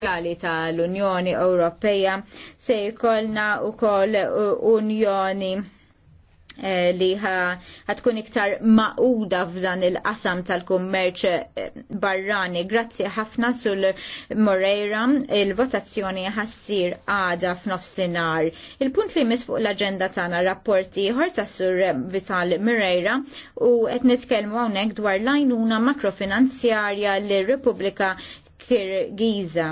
legali tal-Unjoni Ewropeja se jkollna wkoll Unjoni eh, li ħatkun iktar maquda f'dan il-qasam tal-kummerċ eh, barrani. Grazzi ħafna sul Moreira, il-votazzjoni ħassir għada f'nofsinhar. Il-punt li mis fuq l-agenda tagħna rapporti ħorta sur Vital Moreira u qed nitkellmu hawnhekk dwar lajnuna makrofinanzjarja lir Repubblika giza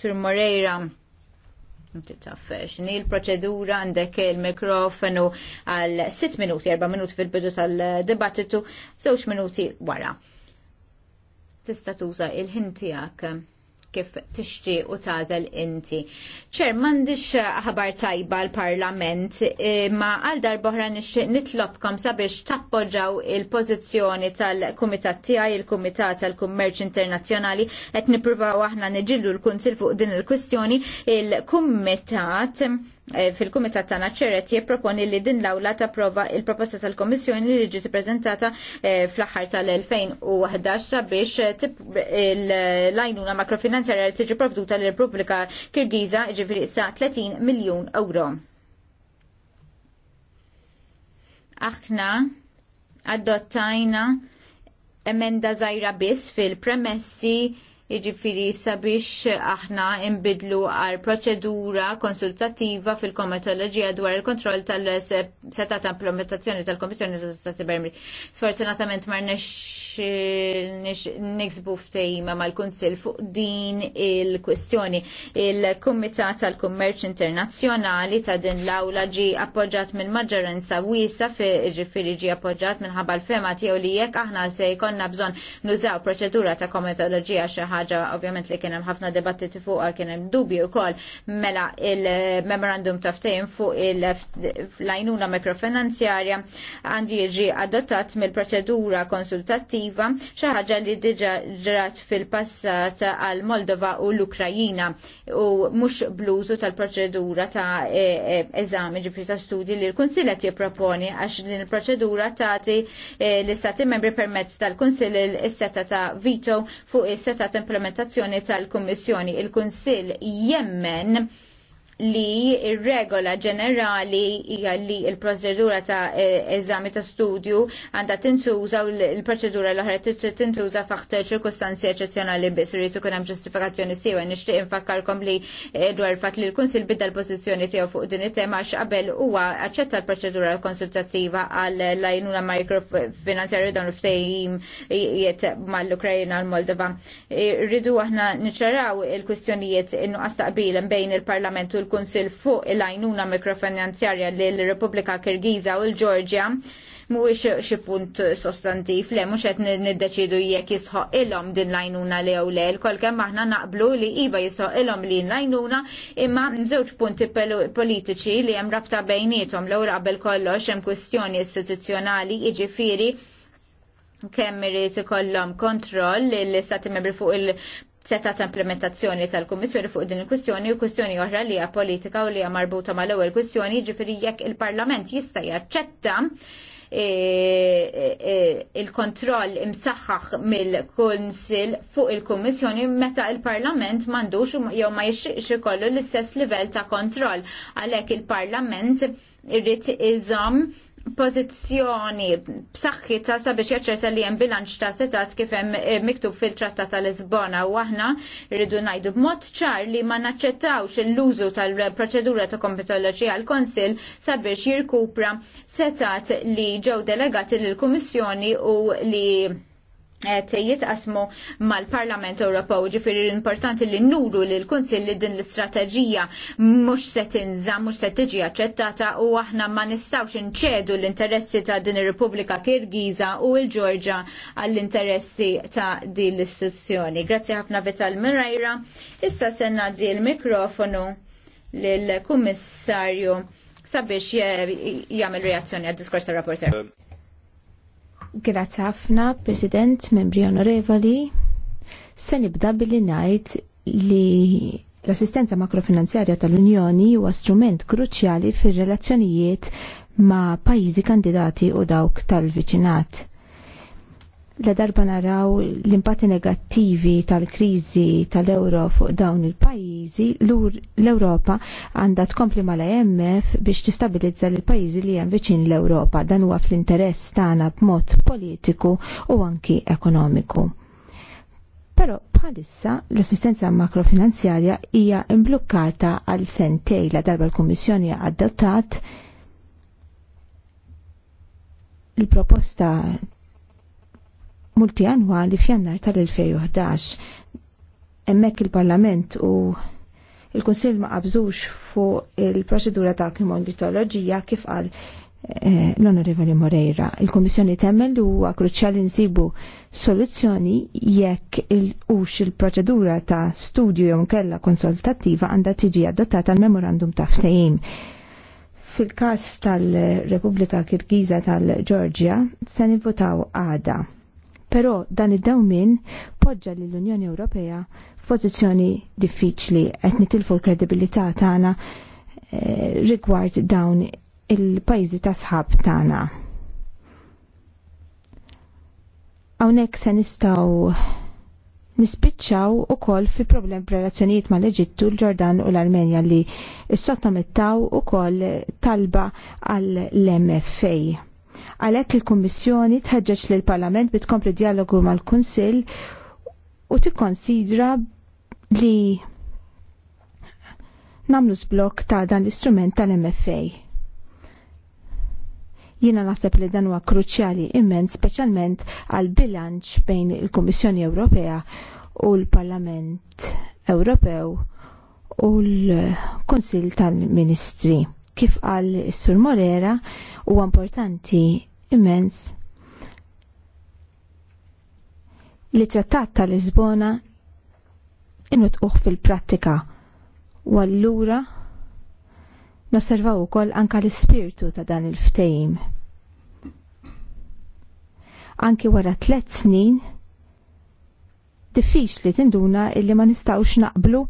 Sur Moreira, ni l-proċedura għandek il-mikrofonu għal 6 minuti, 4 minuti fil-bidu tal-dibattitu, 6 minuti wara. Tista tuża il ħintijak kif tixti u tazel inti. ċer, mandiċ ħabar tajba l-parlament, e, ma għal darbohra nixti nitlobkom sabiex tappoġġaw il-pozizjoni tal-Kumitat tiegħi, il-Kumitat tal-Kummerċ Internazzjonali, qed nippruvaw aħna niġillu l-Kunsil fuq din il-kwistjoni, il-Kumitat Eh, fil-Kumitat tagħna ċeret jipproponi li din l-awla tapprova il-proposta tal komissjoni li ġiet ippreżentata eh, fl-aħħar tal-2011 biex eh, l-għajnuna makrofinanzjarja li tiġi provduta l repubblika Kirgiza ġifieri sa 30 miljun euro. Aħna adottajna emenda żgħira biss fil-premessi Jiġifieri sabiex aħna imbidlu għal proċedura konsultattiva fil-komatoloġija dwar il-kontroll tal-seta ta' implementazzjoni tal-Komissjoni tal-Stati Bermri. Sfortunatament mar niksbu ftejma mal-Kunsil fuq din il-kwestjoni. Il-Kumitat tal-Kummerċ Internazzjonali ta' din l-awla ġi appoġġat minn maġġoranza wiesa fi ġifiri ġi appoġġat minħabba l-fema tiegħu li jekk aħna se jkollna bżonn nużaw proċedura ta' komatoloġija xi ħaġa ovvjament li kien hemm ħafna fuq fuqha kien hemm u wkoll mela il-memorandum ta' fuq il-lajnuna mikrofinanzjarja għandi jiġi adottat mill-proċedura konsultattiva xi ħaġa li diġa ġrat fil-passat għal Moldova u l-Ukrajina u mhux bluzu tal-proċedura ta' e- e- eżami ġifri ta' studji li l-Kunsill qed jipproponi għax din il-proċedura tagħti e, l-istati membri permezz tal-Kunsill il-seta ta' veto fuq is-seta tal-implementazzjoni tal-Kummissjoni. Il-Kunsill jemmen li ir-regola ġenerali hija li l-proċedura ta' e, eżami ta' studju għandha tintuża u l-proċedura l-oħra tintuża taħt ċirkustanzi eccezjonali biss irid ikun hemm ġustifikazzjoni siewa nixtieq infakkarkom li e, dwar fatt li l-Kunsil bidda l-pożizzjoni tiegħu fuq din it-tema għax qabel huwa aċċetta l-proċedura konsultattiva għal lajnuna mikrofinanzjarju dan l-ftehim jiet mal-Ukrajna l-Moldova. E, rridu aħna niċċaraw il-kwistjonijiet innu qbil bejn il-Parlament u l il kunsil fuq il-għajnuna mikrofinanzjarja li l-Repubblika Kirgiza u l-Ġorġja mhuwiex xi punt sostantiv le mhux qed niddeċidu jekk jisħoq ilhom din l-għajnuna li jew le kolkemm aħna naqblu li iva jisħoq ilhom li l-għajnuna imma żewġ punti politiċi li hemm rabta bejniethom l qabel kollox hemm kwistjoni istituzzjonali jiġifieri kemm irid ikollhom kontroll l-istati fuq il seta ta' implementazzjoni tal-Kummissjoni fuq din il-kwistjoni u kwistjoni oħra li hija politika u li hija marbuta mal-ewwel kwistjoni, jiġifieri jekk il-Parlament jista' jaċċetta e, e, e, il-kontroll imsaħħaħ mill-Kunsil fuq il-Kummissjoni meta il-Parlament mandux jew ma jixxiqx ikollu l-istess livell ta' kontroll għalhekk il-Parlament irrid iżomm pozizjoni ta' sabiex jaċċerta li hemm bilanċ ta' setat kif hemm eh, miktub fil-Trattat tal Lisbona u aħna rridu ngħidu b'mod ċar li ma naċċettawx l-użu tal-proċedura ta' kompetoloġija għal konsil sabiex jirkupra setat li ġew delegati lill-Kummissjoni u li qed jitqasmu mal-Parlament Ewropew ġifieri importanti li nuru l kunsill li din l-istrateġija mhux se tinżamm mhux se tiġi aċċettata u aħna ma nistgħux inċedu l-interessi ta' din ir-Repubblika Kirgiża u l-Ġorġa għall-interessi ta' din l-istituzzjoni. Grazzi ħafna Vital Mirajra. Issa se ngħaddi l-mikrofonu lill-Kummissarju sabiex jagħmel reazzjoni għad-diskors tar-rapporter. Grazzi ħafna, President, membri onorevoli. Se nibda billi ngħid li l-assistenza makrofinanzjarja tal-Unjoni huwa strument kruċjali fir-relazzjonijiet ma' pajjiżi kandidati u dawk tal-viċinat la darba naraw l-impatti negattivi tal-krizi tal-euro fuq dawn il-pajizi, l-Europa għandha tkompli mal IMF biex tistabilizza l-pajizi li hemm viċin l-Europa dan huwa fl-interess tagħna b'mod politiku u anki ekonomiku. Però bħalissa l-assistenza makrofinanzjarja hija mblukkata għal sentej la darba l-Kummissjoni adottat il-proposta multianwali f'jannar tal-2011. Emmek il-Parlament u il-Konsil ma qabżux fuq il-proċedura ta' krimonitoloġija kif qal eh, l-Onorevoli Moreira. Il-Komissjoni temmel li huwa kruċjali nsibu soluzzjoni jekk il-ux il-proċedura ta' studju jew kella konsultattiva għandha tiġi adottata l-memorandum ta' ftehim fil-kas tal-Repubblika Kirgiza tal georgia se nivvotaw għada. Però dan id-dawmin poġġa l unjoni Ewropea f'pożizzjoni diffiċli qed nitilfu l-kredibilità tagħna eh, rigward dawn il-pajjiżi ta' sħab tagħna. Hawnhekk se nistgħu nispiċċaw ukoll fi problem b'relazzjonijiet mal-Eġittu, l-Ġordan u l-Armenja li s-sottomettaw ukoll talba għall-MFA Għalhekk il-Kummissjoni tħeġġeġ lil parlament bitkompli tkompli dialogu mal-Kunsill u tikkonsidra li namlu zblok ta' dan l-istrument tal-MFA. Jiena naħseb li dan huwa kruċjali immen speċjalment għal bilanċ bejn il-Kummissjoni Ewropea u l-Parlament Ewropew u l kunsil tal-Ministri. Kif qal Sur Morera, huwa importanti immens. Li trattat ta' Lisbona inutquh fil-prattika u allura nosservaw ukoll anka l-ispirtu ta' dan il ftejm Anki wara tlet snin diffiċli tinduna illi ma nistawx naqblu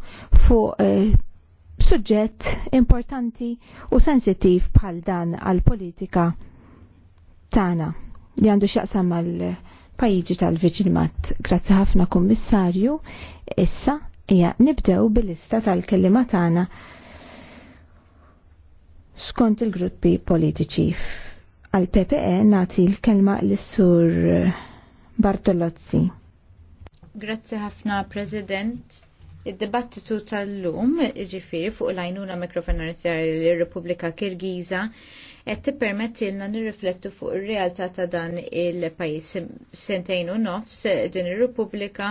fuq eh, suġġett importanti u sensittiv bħal dan għal politika Tana li għandu x'jaqsam mal pajġi tal-Viċinmat. Grazzi ħafna Kummissarju. Issa ija, nibdew bil-lista tal kellima tagħna skont il-gruppi politiċi. Għal PPE nagħti l-kelma l sur Bartolozzi. Grazzi ħafna President. Id-dibattitu tal-lum ġifiri fuq l-għajnuna mikrofonarizzjar l-Repubblika Kirgiza qed tippermettilna nirriflettu fuq ir-realtà ta' dan il-pajjiż sentejn u nofs din ir-Repubblika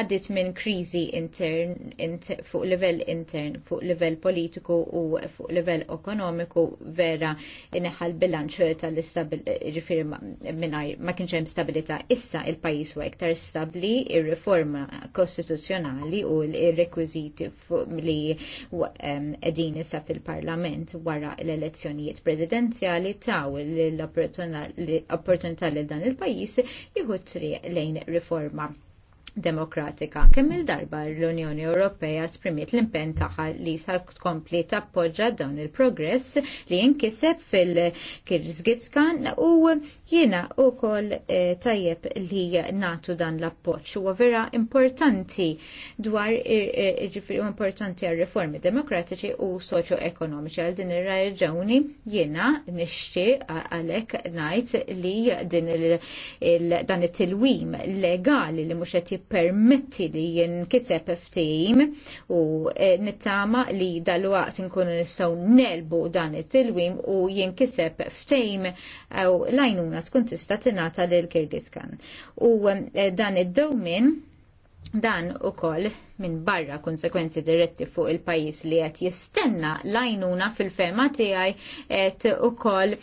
għaddiet minn kriżi intern inter, fuq livell intern, fuq livell politiku u fuq livell ekonomiku vera inħal bilanċ tal-istabil mingħajr ma kienx hemm stabilità. Issa il-pajjiż huwa iktar stabbli ir-riforma kostituzzjonali u l-rekwiżiti li qegħdin issa fil-Parlament wara l-elezzjonijiet prezidenzi potenzjali taw l-opportunità li dan il-pajis jieħu triq lejn riforma demokratika. Kemm il-darba l-Unjoni Ewropea sprimiet l-impenn tagħha li sa tkompli tappoġġa dawn il-progress li jinkiseb fil-Kirżgizkan u jiena wkoll eh, tajjeb li natu dan l-appoġġ huwa vera importanti dwar ġifieri importanti għal riformi demokratiċi u soċjo-ekonomiċi għal din ir-raġuni jiena nixtieq għalhekk ngħid li din il, dan it-tilwim legali li mhux qed permetti li jinkiseb ftim u eh, nittama li dal-waqt nkunu nistgħu nelbu dan it-tilwim u jinkiseb ftim u lajnuna tkun tista' tingħata lil Kirgiskan. U eh, dan id dawmin Dan u koll minn barra konsekwenzi diretti fuq il-pajis li għet jistenna lajnuna fil-fema tijaj għet u koll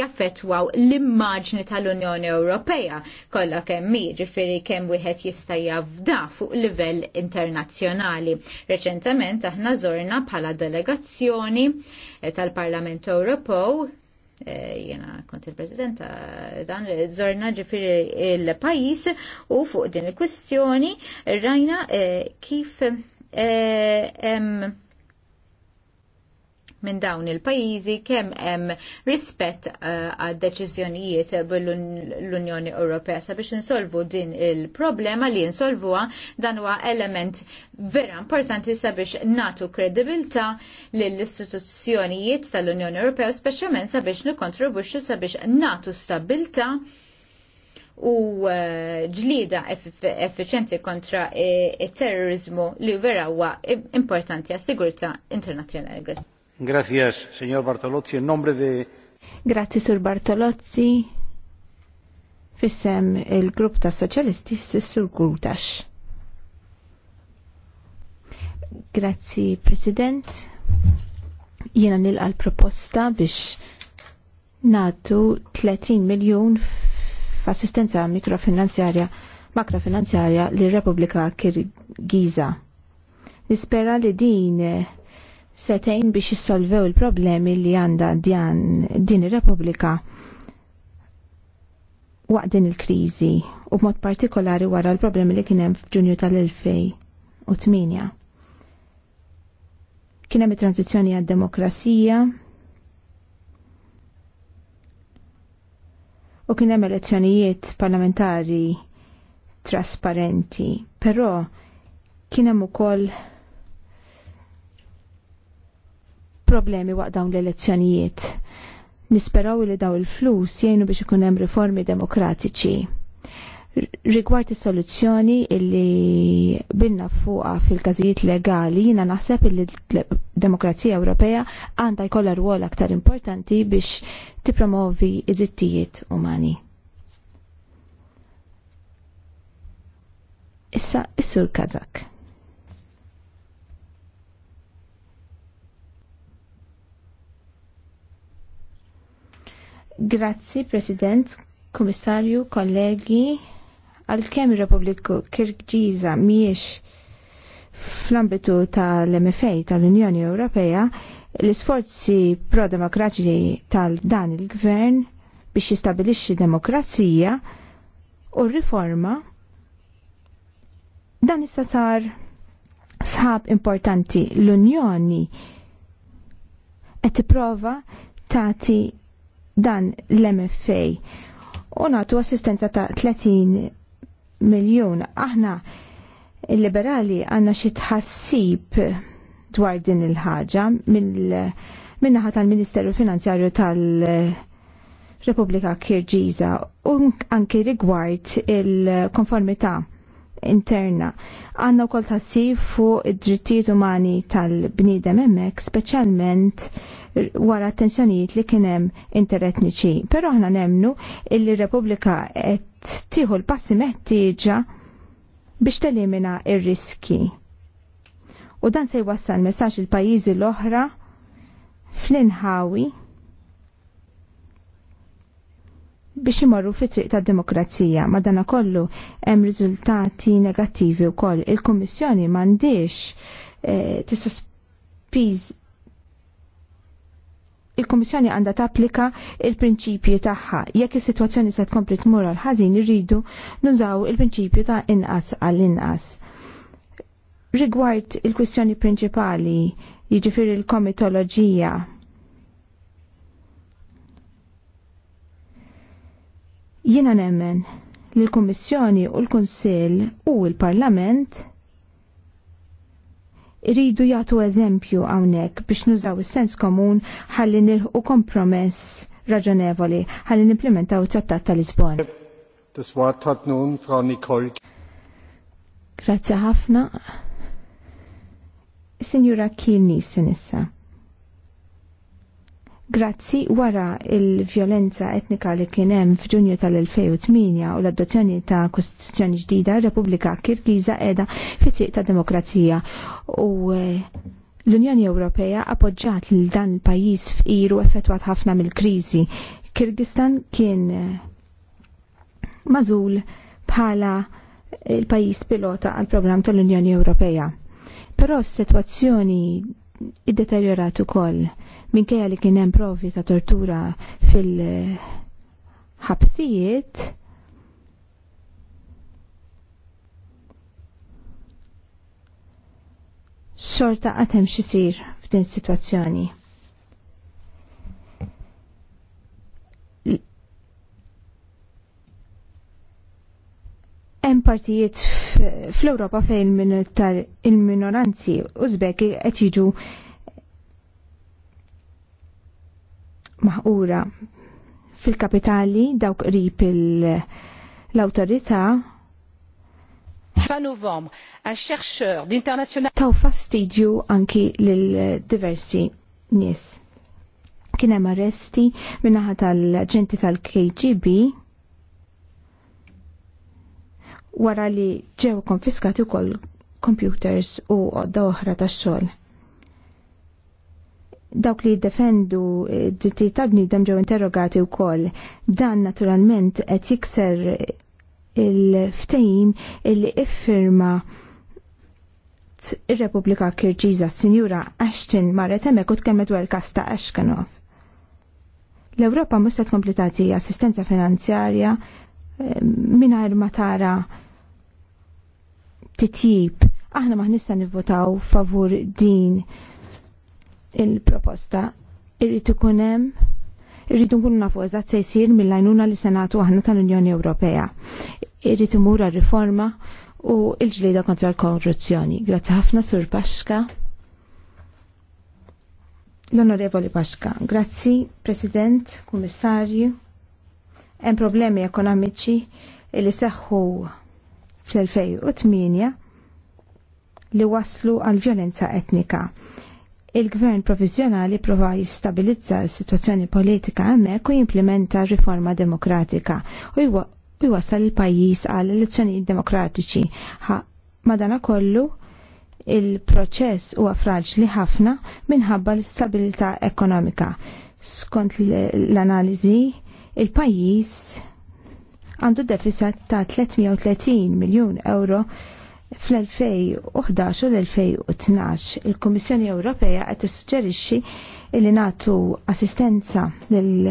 jaffetwaw l-immaġni tal-Unjoni Ewropea kollha kemm mi ġifieri kemm wieħed jista' jafda fuq livell internazzjonali. Reċentament aħna żorna bħala delegazzjoni eh, tal-Parlament Ewropew Eh, jena kont il-president dan zorna ġifiri il-pajis u fuq din il-kwestjoni rajna eh, kif eh, em minn dawn il-pajjiżi kemm hemm rispett eh, għad deċiżjonijiet l-Unjoni Ewropea sabiex insolvu din il-problema li insolvuha dan huwa element vera importanti sabiex natu kredibilità lill-istituzzjonijiet tal-Unjoni Ewropea speċjalment sabiex nikkontribwixxu sabiex natu stabilità u eh, ġlida effiċenti kontra eh, il-terrorizmu li vera huwa importanti għas-sigurtà internazzjonali. Gracias, signor Bartolozzi, in nombre de... Grazie, sur Bartolozzi. Fissem il-grupp ta' soċjalisti s-sur Gutax. Grazzi, President. Jena nil għal proposta biex natu 30 miljon f'assistenza mikrofinanzjarja makrofinanzjarja li Repubblika Kirgiza. Nispera li din setejn biex jissolvew il-problemi li għanda din ir-Repubblika waqt din il-kriżi u b'mod partikolari wara l-problemi li kien hemm f'Ġunju tal-2008. Kien hemm it-tranzizzjoni għad-demokrasija u kien hemm elezzjonijiet parlamentari trasparenti, però kien hemm ukoll problemi waqt dawn l-elezzjonijiet. Nisperaw li daw il-flus jgħinu biex ikun hemm riformi demokratiċi. Rigward is-soluzzjoni illi binna fuqa fil-każijiet legali, jiena naħseb li demokrazija Ewropea għandha jkollha rwol aktar importanti biex tippromovi id-drittijiet umani. Issa, is-Sur Kazak. Grazzi, President, Komissarju, kollegi, għal-kem Republiku Kirgġiza miex fl-ambitu tal-MFA tal-Unjoni Ewropea, l-isforzi pro demokraċi tal-dan il-gvern biex jistabilixxi demokrazija u riforma dan issa sar sħab importanti l-Unjoni qed tipprova tagħti dan l-MFA u natu assistenza ta' 30 miljon. Aħna il-liberali għanna xi tħassib dwar din il-ħaġa minnaħat tal-Ministeru Finanzjarju tal-Repubblika Kirġiza u anki rigward il-konformità interna. Għanna u kol tħassib fuq id-drittijiet umani tal-bnidem emmek, specialment wara attenzjonijiet li kien hemm interetniċi. Però aħna nemnu illi Repubblika qed tieħu l-passi meħtieġa biex telimina ir-riski. U dan se jwassal messaġġ il-pajjiżi l-oħra fl-inħawi biex imorru fi triq ta' demokrazija dana kollu hemm riżultati negattivi wkoll. Il-Kummissjoni m'għandix eh, tisospiż il-Kummissjoni għandha tapplika il-prinċipji tagħha. Jekk is-sitwazzjoni se tkompli tmur għal ħażin irridu nużaw il-prinċipju ta' inqas għal inqas. Rigward il-kwistjoni prinċipali jiġifieri l-komitoloġija jiena nemmen li l-Kummissjoni u l-Kunsill u l-Parlament Iridu jagħtu eżempju hawnhekk biex nużaw is-sens komun ħalli nilħu kompromess raġonevoli ħalli nimplementaw it-Trattat tal-Lisbon. Grazie Grazzi ħafna. Signora Kiel Nissen issa. Grazzi wara il-vjolenza etnika li kien hemm f'Ġunju tal-2008 u l-adozzjoni ta' Kostituzzjoni ġdida, Repubblika Kirgiza qiegħda fit-triq ta' demokrazija u eh, l-Unjoni Ewropea appoġġat lil dan il-pajjiż f'iru effettwat ħafna mill-kriżi. Kirgistan kien eh, mażul bħala eh, il-pajjiż pilota għal programm tal-Unjoni Ewropea. Però s-sitwazzjoni id-deteriorat ukoll minkejja li kien hemm provi ta' tortura fil-ħabsijiet xorta għatem xisir f'din situazzjoni. Hemm partijiet fl-Ewropa fejn il-minoranzi Uzbeki qed jiġu maħqura fil-kapitali dawk qrib l-awtorità Fanuvom, novembre, un chercheur d'international taw fastidju anki lil diversi nies. Kien hemm arresti minnaħa tal-ġenti tal-KGB wara li ġew konfiskati wkoll computers u għodda oħra tax-xogħol dawk li jiddefendu d-dritti eh, tal-bnidem ġew interrogati wkoll. Dan naturalment qed jikser il-ftehim li iffirma ir-Repubblika Kirġiza Sinjura Ashton marret hemmhekk u tkemmet dwar kasta ta' Ashkanov. L-Ewropa mhux se assistenza finanzjarja eh, mingħajr il-matara titjib. Aħna maħnissa nivvotaw favur din il-proposta. Irrid ikun hemm irridu nkunu nafu eżatt se jsir mill-għajnuna li senatu aħna tal-Unjoni Ewropea. Irrid imur riforma u l-ġlieda kontra l-korruzzjoni. Grazzi ħafna sur Paxka. L-Onorevoli Paxka, grazzi President, Kummissarju. Hemm problemi ekonomiċi li seħħu fl-2008 li waslu għal vjolenza etnika il-gvern provizjonali prova jistabilizza s-situazzjoni politika hemmhekk u jimplementa riforma demokratika u jwassal il-pajjiż għal elezzjonijiet demokratiċi. Madana kollu il-proċess huwa fraġli ħafna minħabba l-istabilità ekonomika. Skont l-analiżi, il-pajjiż għandu deficit ta' 330 miljun euro fl-2011 u l-2012 il-Kommissjoni Ewropea qed tissuġġerixxi li nagħtu assistenza lil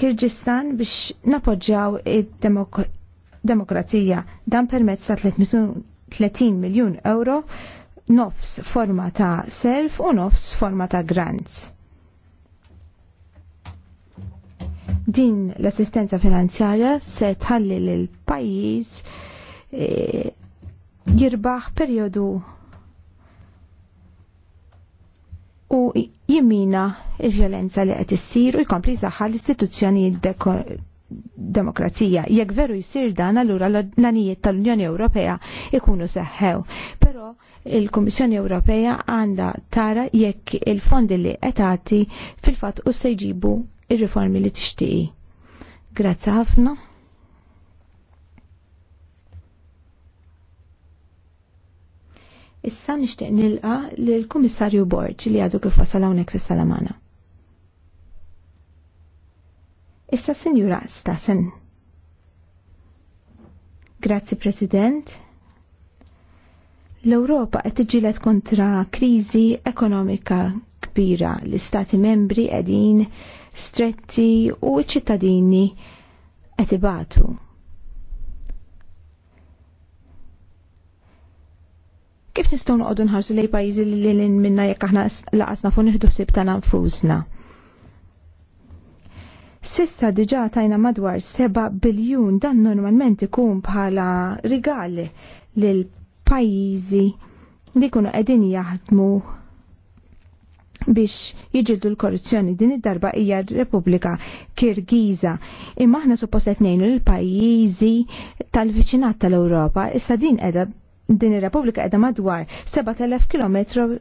Kirġistan biex napoġġjaw id-demokrazija dan permezz ta' 30 miljun euro nofs forma ta' self u nofs forma ta' grants. Din l-assistenza finanzjarja se tħalli l pajjiż eh, jirbaħ periodu u jimmina il-violenza li qed issir u jkompli saħħa l istituzzjoni demokrazija. Jekk veru jsir dan allura l-nanijiet tal-Unjoni Ewropea ikunu seħħew. Però il-Kummissjoni Ewropea għandha tara jekk il-fondi li qed fil-fatt u se jġibu ir-riformi li tixtieqi. Grazzi ħafna. Issa nixtieq nilqa lill-Kummissarju Borġ li għadu kif wasal hawnhekk fis-Salamana. Issa Sinjura Stasen. Grazzi President. L-Ewropa qed tiġilet kontra kriżi ekonomika kbira l-istati membri qegħdin stretti u ċ-ċittadini qed ibatu. Kif nistgħu noqogħdu nħarsu lej pajjiżi li lin minna jekk aħna laqasna fuq nieħdu ħsieb ta' nfusna? Sissa diġà tajna madwar 7 biljun dan normalment ikun bħala rigali lil pajjiżi li jkunu qegħdin jaħdmu biex jiġildu l-korruzzjoni din id-darba hija r-Repubblika Kirgiza. Imma aħna suppost qed ngħinu l-pajjiżi tal-viċinat tal-Ewropa, issa din qiegħda din ir-Repubblika qiegħda madwar 7000 km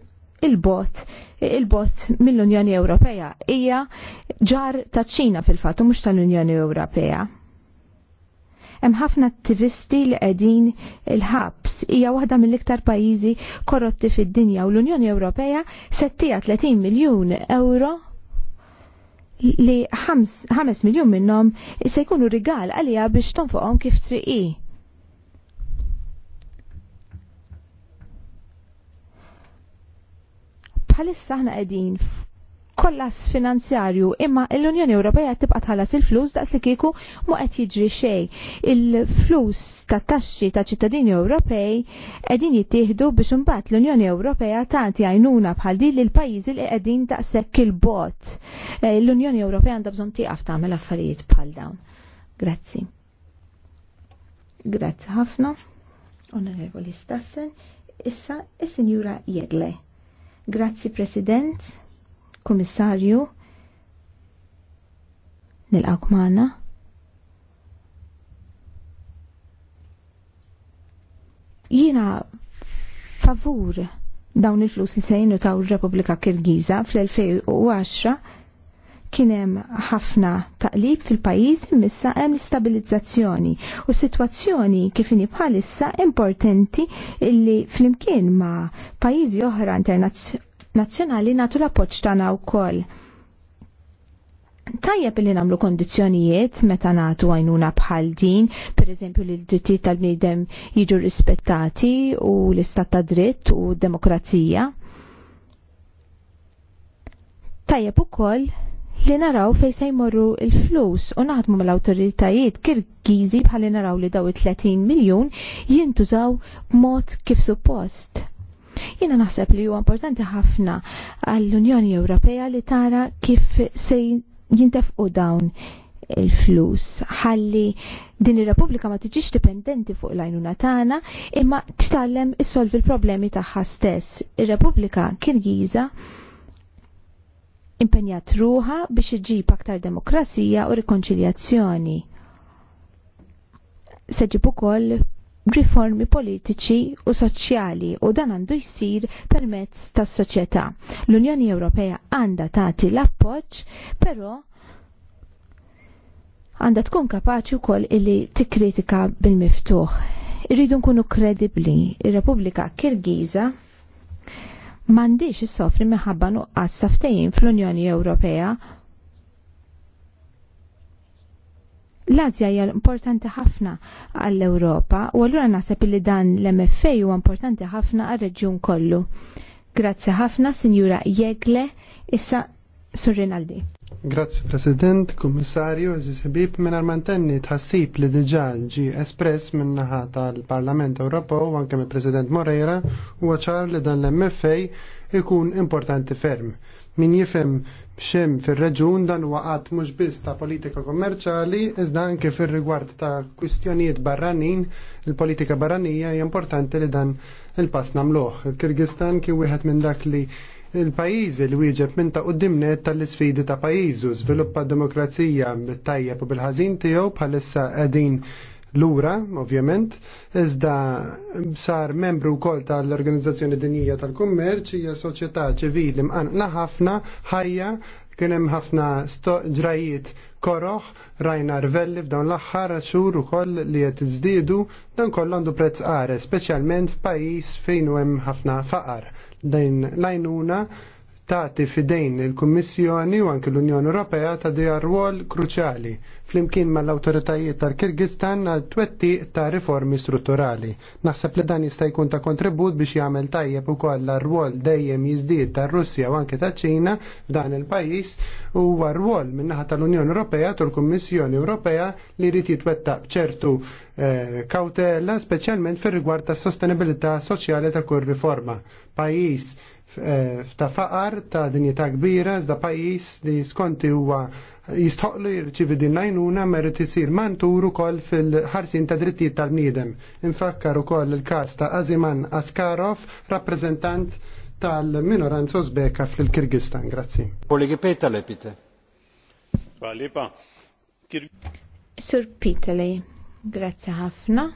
il-bot il-bot mill-Unjoni Ewropea hija ġar ta' ċina fil-fatt mhux tal-Unjoni Ewropea. Hemm ħafna attivisti li qegħdin il-ħabs hija waħda mill-iktar pajjiżi korrotti fid-dinja u l-Unjoni Ewropea settija 30 miljun euro li 5 miljun minnhom se jkunu rigal għalija biex tonfoqhom kif triqi bħalissa aħna qegħdin kollas finanzjarju imma l-Unjoni Ewropea tibqa' tħallas il-flus daqs li kieku mu qed jiġri xejn. Il-flus ta' taxxi ta' ċittadini Ewropej qegħdin jittieħdu biex imbagħad l-Unjoni Ewropea tagħti għajnuna bħal din lil pajjiżi li qegħdin daqshekk il-bot. Eh, L-Unjoni Ewropea għandha bżonn tieqaf tagħmel affarijiet bħal dawn. Grazzi. Grazzi ħafna. Onorevoli Stassen. Issa is-Sinjura Jegle. Grazzi President, Komissarju, nil-għawk maħna. Jina favur dawn il-flus nsejnu taw il-Repubblika Kirgiza fl-2010 Kien hemm ħafna taqlib fil-pajjiż imissa hemm stabilizzazzjoni u sitwazzjoni kif inhi bħalissa importanti illi flimkien ma' pajjiżi oħra internazzjonali nagħtu l-appoġġ tagħna wkoll. Tajjeb li namlu kondizjonijiet meta nagħtu għajnuna bħal din, pereżempju li l-drittijiet tal bnidem jiġu rispettati u l-istat ta' dritt u d demokrazija. Tajjeb ukoll li naraw fej se jmorru il-flus u naħdmu mal-autoritajiet kirgizi bħalli naraw li daw 30 miljon jintużaw mod kif suppost. Jiena naħseb li huwa importanti ħafna għall-Unjoni Ewropea li tara kif se jintefqu dawn il-flus. Ħalli din ir-Repubblika ma tiġix dipendenti fuq l-għajnuna tagħna imma titgħallem issolvi l-problemi tagħha stess. Ir-Repubblika Kirgiża impenjat ruħa biex iġib aktar demokrazija u rikonċiljazzjoni. Seġib ukoll riformi politiċi u soċjali u dan għandu jsir permezz tas soċjetà. L-Unjoni Ewropea għandha tagħti l-appoġġ, però għandha tkun kapaċi wkoll illi tikkritika bil-miftuħ. Irridu nkunu kredibbli. il repubblika Kirgiza mandiġ soffri meħabba nuqqas saftejn fl-Unjoni Ewropea. L-Azja hija importanti ħafna għall-Ewropa u allura naħseb li dan l-MFA huwa importanti ħafna għar-reġjun kollu. Grazzi ħafna, Sinjura Jegle, issa Sur Rinaldi. Grazzi President, Kummissarju, Eżisibib, minn armantenni tħassib li diġa ġi espress minn naħa tal-Parlament Ewropew u anke mill President Moreira u ċar li dan l-MFA ikun importanti ferm. Min jifhem xem fir-reġun dan huwa qatt mhux biss ta' politika kommerċali iżda anke fir-rigward ta' kwistjonijiet barranin, il-politika barranija hija importanti li dan il-pass nagħmluh. Il-Kirgistan kien wieħed minn dak li il-pajizi li wieġeb minn ta' qudiemnet tal-isfidi ta' pajizu, żviluppa demokrazija tajjeb u bil-ħażin tiegħu bħalissa qegħdin lura, ovvjament, iżda sar membru wkoll tal-Organizzazzjoni Dinija tal-Kummerċ hija soċjetà ċivili mqanqna ħafna ħajja kien hemm ħafna ġrajiet koroħ rajna rvelli f'dawn l-aħħar xhur ukoll li qed iżdiedu dan kollu għandu prezz qare, speċjalment f'pajjiż fejn hemm ħafna faqar din l-għajnuna taħti fidejn il-Kummissjoni u anke l-Unjoni Ewropea ta' dija rwol kruċjali flimkien mal-awtoritajiet tal-Kirgistan għal twetti ta' riformi strutturali. Naħseb li dan jista' jkun ta' kontribut biex jagħmel tajjeb ukoll rwol dejjem jiżdied tar-Russja u anke taċ-Ċina f'dan il-pajjiż u rwol min-naħa tal-Unjoni Ewropea tal-Kummissjoni Ewropea li jrid jitwettaq b'ċertu eh, kawtela speċjalment fir rigward tas sostenibilità soċjali ta' kull riforma. Pajjiż Eh, ta' faqar ta' dinjeta kbira iżda pajjiż li skonti huwa jistħoqlu jirċivi din najnuna merit isir mantur ukoll fil-ħarsin ta' drittijiet tal-bniedem. Infakkar ukoll il-każ ta' Aziman Askarov, rappreżentant tal-minoranza Uzbeka fil-Kirgistan. Grazzi. Kollegi Peta Lepite. Sur Pitele, Grazie ħafna.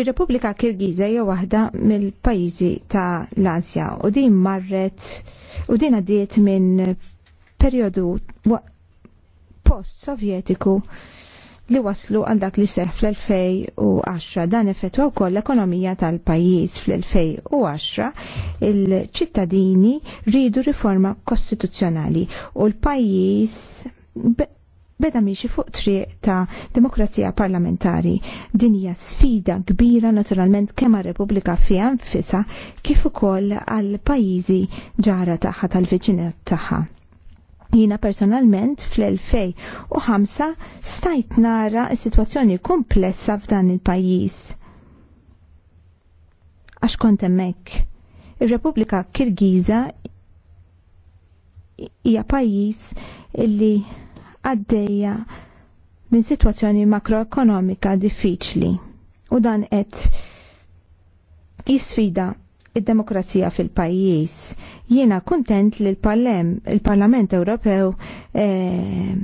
Ir-Repubblika Kirgiza hija waħda mill-pajjiżi ta' l-Asja u din marret u din għaddiet minn perjodu post-sovjetiku li waslu għal dak li seħ fl-2010 dan effettwa wkoll l-ekonomija tal-pajjiż fl-2010 il-ċittadini ridu riforma kostituzzjonali u l-pajjiż beda miexi fuq triq ta' demokrazija parlamentari. Din hija sfida kbira naturalment kemm għar-Repubblika fiha nfisha kif ukoll għal pajjiżi ġara tagħha tal-viċinat tagħha. Jina personalment fl-2005 stajt nara situazzjoni komplessa f'dan il-pajjiż. Għax kont hemmhekk. Ir-Repubblika Kirgiza hija pajjiż li għaddejja minn situazzjoni makroekonomika diffiċli u dan qed jisfida id-demokrazija fil-pajjiż. Jiena kuntent li l-Parlament Ewropew eh,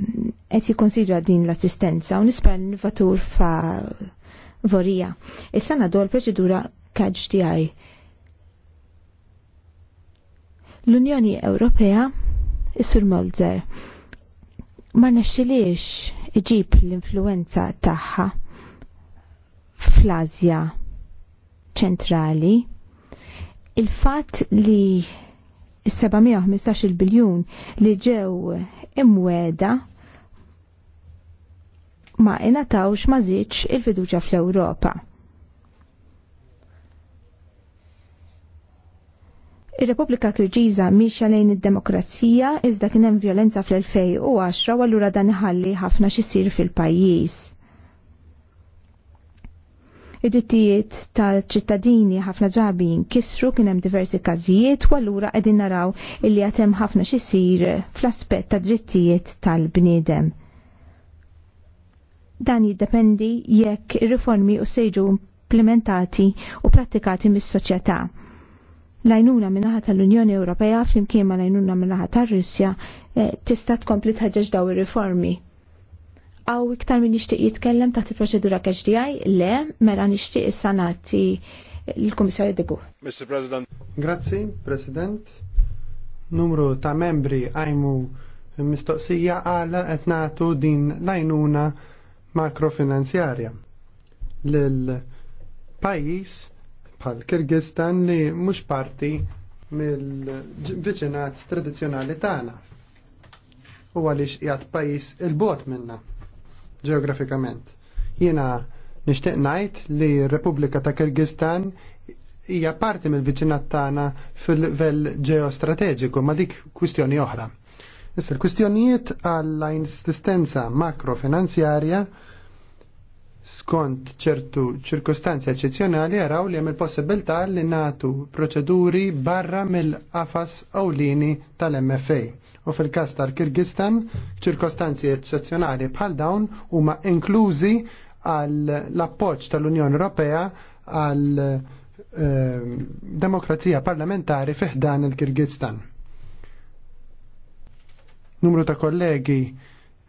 qed jikkonsidra din l-assistenza u nisper n innovatur fa' vorija. Issa nagħdu l-proċedura kaġ L-Unjoni Ewropea is-Sur Molzer ma nexxiliex iġib l-influenza tagħha fl-Azja ċentrali il-fatt li 715 biljun li ġew imweda ma inatawx ma żiedx il fiduċa fl-Ewropa. Ir-Repubblika Kirġiża mixja lejn id-demokrazija iżda kien hemm violenza fl-2010 u allura dan iħalli ħafna xisir fil-pajjiż. Id-dittijiet tal-ċittadini ħafna drabi jinkisru kien hemm diversi każijiet u allura qegħdin naraw illi qed hemm ħafna xisir fl-aspett ta' drittijiet tal-bniedem. Dan jiddependi jekk ir-riformi u sejġu implementati u prattikati mis-soċjetà lajnuna minnaħat tal-Unjoni Ewropea flimkien ma lajnuna minnaħat tal-Russja eh, tista' tkompli tħeġġeġ daw ir-riformi. Aw iktar min nixtieq jitkellem taħt il-proċedura KHDI? Le, mela nixtieq issa nagħti l-Kummissarju Degu. Mr. President. Grazzi, President. Numru ta' membri għajmu mistoqsija għala qed nagħtu din lajnuna makrofinanzjarja. Lil pajjiż bħal Kirgistan li mhux parti mill-viċinat tradizzjonali tagħna. U għaliex qiegħed pajjiż il-bot minna ġeografikament. Jiena nixtieq ngħid li r-Repubblika ta' Kirgistan hija parti mill-viċinat tagħna fil-livell ġeostrateġiku ma' dik kwistjoni oħra. Issa l-kwistjonijiet għall-insistenza makrofinanzjarja skont ċertu ċirkostanzi eccezjonali għaraw li hemm il-possibilità li natu proċeduri barra mill-qafas ewlieni tal-MFA. U fil-każ tal-Kirgistan, ċirkostanzi eccezjonali bħal dawn huma inklużi għall l-appoġġ tal-Unjoni Ewropea għal ehm, demokrazija parlamentari fiħdan il-Kirgistan. Numru ta' kollegi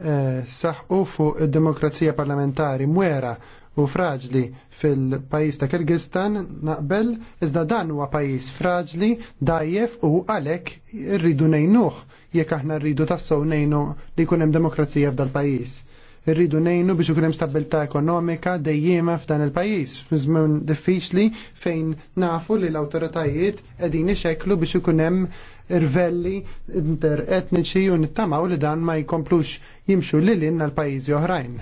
Eh, saħqu fuq id-demokrazija parlamentari mwera u fraġli fil-pajis ta' Kirgistan naqbel, iżda dan huwa pajis fraġli, dajjef u għalek rridu nejnuħ jekk aħna rridu tassow nejnu li jkun hemm demokrazija f'dal pajis. Rridu nejnu biex ikun hemm stabilità ekonomika dejjema f'dan il-pajis, f'żmien diffiċli fejn nafu li l-awtoritajiet qegħdin ixekklu biex ikun hemm irvelli interetniċi u nittamaw li dan ma jkomplux jimxu lilin l pajjiżi oħrajn.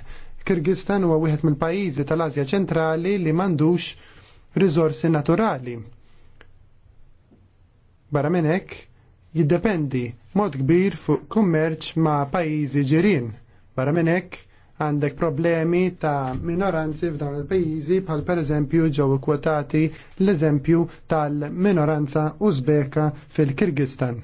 Kirgistan huwa wieħed mill-pajjiżi tal-Asja ċentrali li m'għandux riżorsi naturali. Barra minn hekk jiddependi mod kbir fuq kummerċ ma' pajjiżi ġirien. Barra minn hekk għandek problemi ta' minoranzi f'dawn il-pajjiżi bħal pereżempju ġew ikkwotati l-eżempju tal-minoranza Uzbeka fil-Kirgistan.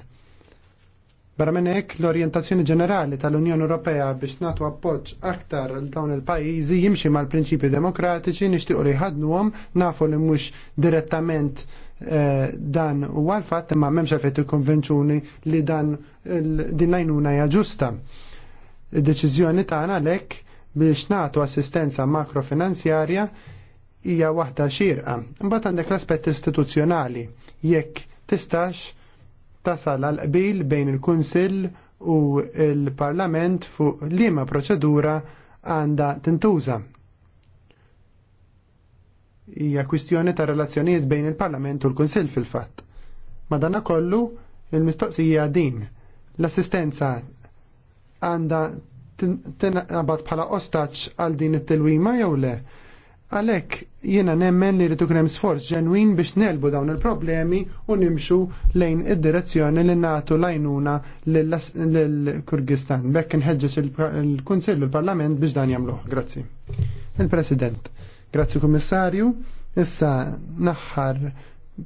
Barra minn hekk l-orjentazzjoni ġenerali tal-Unjoni Ewropea biex nagħtu appoġġ aktar l dawn il-pajjiżi jimxi mal-prinċipji demokratiċi nixtiequ li ħadnuhom nafu li mhux direttament eh, dan u l fatt imma m'hemmx għalfejn il-konvenzjoni li dan din l-għajnuna hija ġusta. Id-deċiżjoni tagħna għalhekk biex nagħtu assistenza makrofinanzjarja hija waħda xirqa. Mbagħad għandek l-aspett istituzzjonali jekk tistax tasal għal qbil bejn il-Kunsill u l il parlament fuq liema proċedura għandha tintuża hija kwistjoni ta' relazzjonijiet bejn il-Parlament u l-Kunsill fil-fatt. Madana kollu, il-mistoqsija din. L-assistenza għanda tinqabad bħala ostaċ għal din it-tilwima jew le. Għalek jiena nemmen li rritu krem sforz ġenwin biex nelbu dawn il-problemi u nimxu lejn id-direzzjoni li natu lajnuna l-Kurgistan. Bekk nħedġeċ il-Kunsill u l-Parlament biex dan jamluħ. Grazzi. Il-President. Grazzi Kummissarju. Issa naħħar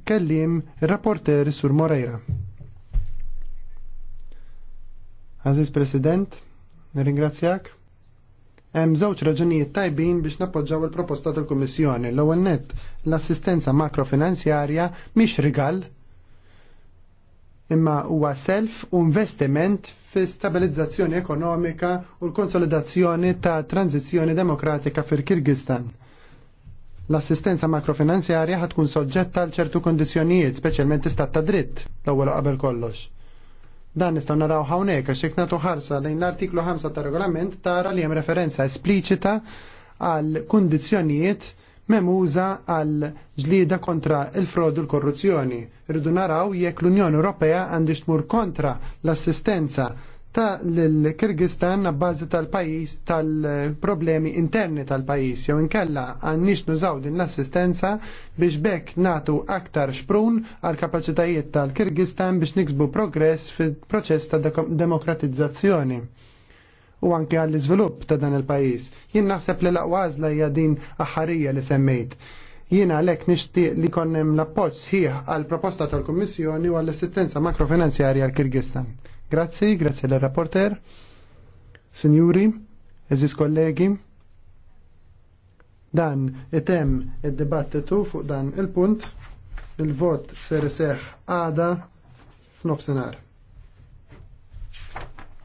kellim il-rapporter Sur Moreira. Aziz President. Nirringrazzjak. Hemm żewġ raġunijiet tajbin biex nappoġġaw il-proposta tal-Kummissjoni. L-ewwel nett l-assistenza makrofinanzjarja mhix rigal imma huwa self u investiment fi stabilizzazzjoni ekonomika u l-konsolidazzjoni ta' tranzizzjoni demokratika fil-Kirgistan l-assistenza makrofinanzjarja ħatkun soġġetta għal ċertu kondizjonijiet, speċjalment istat ta' dritt, l-ewwel qabel kollox. Dan nistgħu naraw hawnhekk għax jekk nagħtu ħarsa lejn l-artiklu 5 tar regolament tara li hemm referenza espliċita għal kundizzjonijiet memuża għal ġlieda kontra il-frod u l-korruzzjoni. Irridu naraw jekk l-Unjoni Ewropea għandix tmur kontra l-assistenza ta' l-Kirgistan bażi tal-pajis tal-problemi interni tal-pajis jew inkella għannix nużaw din l-assistenza biex bekk natu aktar xprun għal kapaċitajiet tal-Kirgistan biex niksbu progress fil-proċess ta' demokratizzazzjoni u anke għall iżvilupp ta' dan il-pajis. Jien naħseb li laqważla hija din aħarija li semmejt. Jiena għalhekk nixtieq li konnem l-appoġġ sħiħ għal proposta tal-Kummissjoni u għall-assistenza makrofinanzjarja għal-Kirgistan. Grazzi, grazzi l-rapporter. Signori, eżis kollegi, dan item id-dibattitu fuq dan il-punt, il-vot ser seħ għada f'nofsenar.